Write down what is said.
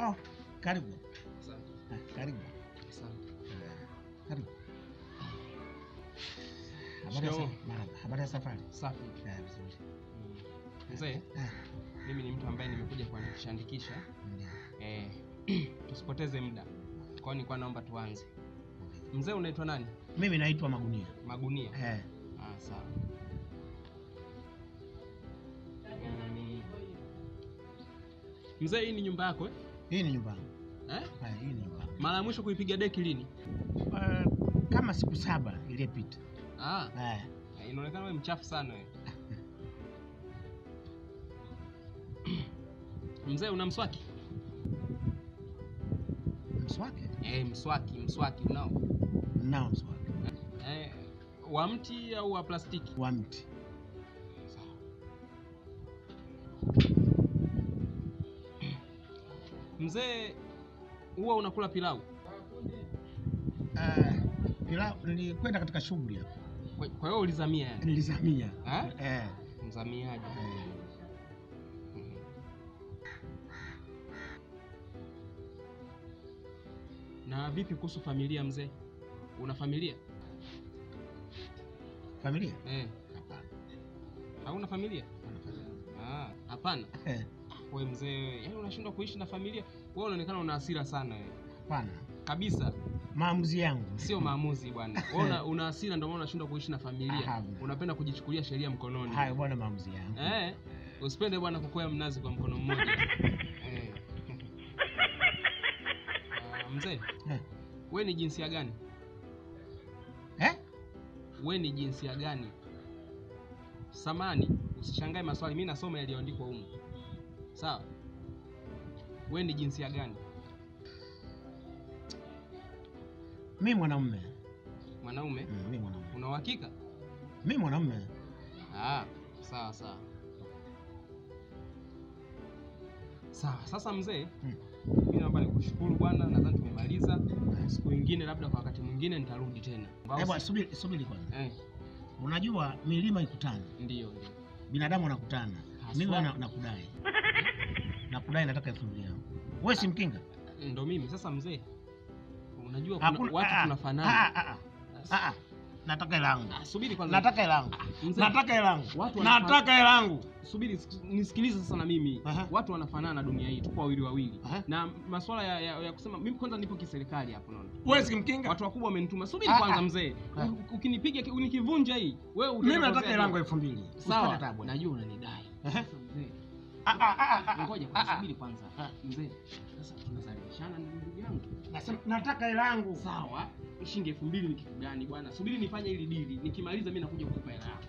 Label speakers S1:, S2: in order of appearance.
S1: Oh, karibu. Asante. Karibu.
S2: Asante. Eh,
S1: karibu. Habari ya safari?
S2: Safi. Eh, vizuri. Mm. Mzee, eh, eh. mimi ni mtu ambaye nimekuja kujiandikisha. Eh, tusipoteze muda. Kwa hiyo kwa naomba tuanze. Mzee unaitwa nani?
S1: Mimi naitwa Magunia. Magunia. Eh.
S2: Ah, sawa. Mzee, hii ni nyumba yako eh? Hii ni nyumbani eh? Ha, hii ni nyumbani. Mara ya mwisho kuipiga deki lini?
S1: Uh, kama siku saba iliyopita. Ah. Eh.
S2: Inaonekana wewe mchafu sana wewe. Mzee, una mswaki? Mswaki? Eh, mswaki, mswaki unao?
S1: Nao mswaki.
S2: Eh, wa mti au wa plastiki? Wa mti. Mzee, huwa unakula pilau?
S1: Uh, pilau nilikwenda katika shughuli hapo.
S2: Kwa hiyo ulizamia yani?
S1: Nilizamia. Eh.
S2: Mzamiaji. Eh. Na vipi kuhusu familia mzee? Una familia? Familia? Eh. Hauna familia? Hapana. Ah, hapana. Eh we mzee, yaani unashindwa kuishi na familia. Wewe unaonekana una hasira sana wewe. Hapana kabisa,
S1: maamuzi yangu
S2: sio maamuzi bwana. Wewe una hasira, ndio maana unashindwa kuishi na familia, unapenda kujichukulia sheria mkononi.
S1: Hayo bwana, maamuzi yangu
S2: eh. eh. Usipende bwana kukoya mnazi kwa mkono mmoja eh. Uh, mzee eh. We ni jinsia gani eh? We ni jinsia gani? Samani, usishangae maswali, mi nasoma yaliyoandikwa humu. Sawa, wewe ni jinsia gani? Mi mwanaume. Mwanaume? mi mwanaume. Una uhakika? Mi mwanaume. Ah, sawa sawa. Sawa, sasa mzee, mm. hmm, naomba nikushukuru bwana, nadhani tumemaliza. Eh. Siku nyingine labda kwa wakati mwingine nitarudi tena.
S1: Hebu eh, subiri subiri kwanza. Eh. Unajua milima ikutana. Ndio, ndio. Binadamu anakutana. Mimi nakudai unadai nataka elfu mbili yangu. Wewe si mkinga?
S2: Ndio mimi. Sasa mzee, unajua kuna watu ah, ah, tunafanana.
S1: Ah, nataka hela yangu. Subiri kwanza. Nataka hela yangu. Nataka hela yangu. Nataka hela yangu.
S2: Subiri nisikilize sasa na mimi. Aha. Watu wanafanana dunia hii, tupo wawili wawili. Aha. Na masuala ya, ya, ya kusema mimi kwanza nipo kiserikali hapo naona.
S1: Wewe si mkinga?
S2: Watu wakubwa wamenituma. Subiri kwanza mzee. Ukinipiga unikivunja hii, wewe
S1: utataka. Mimi nataka hela yangu 2000. Sawa. Najua unanidai.
S2: Mzee.
S1: Ah, ah, ah,
S2: Ngoja subiri kwanza. Mzee, sasa tunazalishana ndugu yangu.
S1: Nasema nataka hela yangu.
S2: Sawa. Shilingi 2000 ni kitu gani bwana? Subiri nifanye hili dili. Nikimaliza mimi nakuja kukupa hela yako.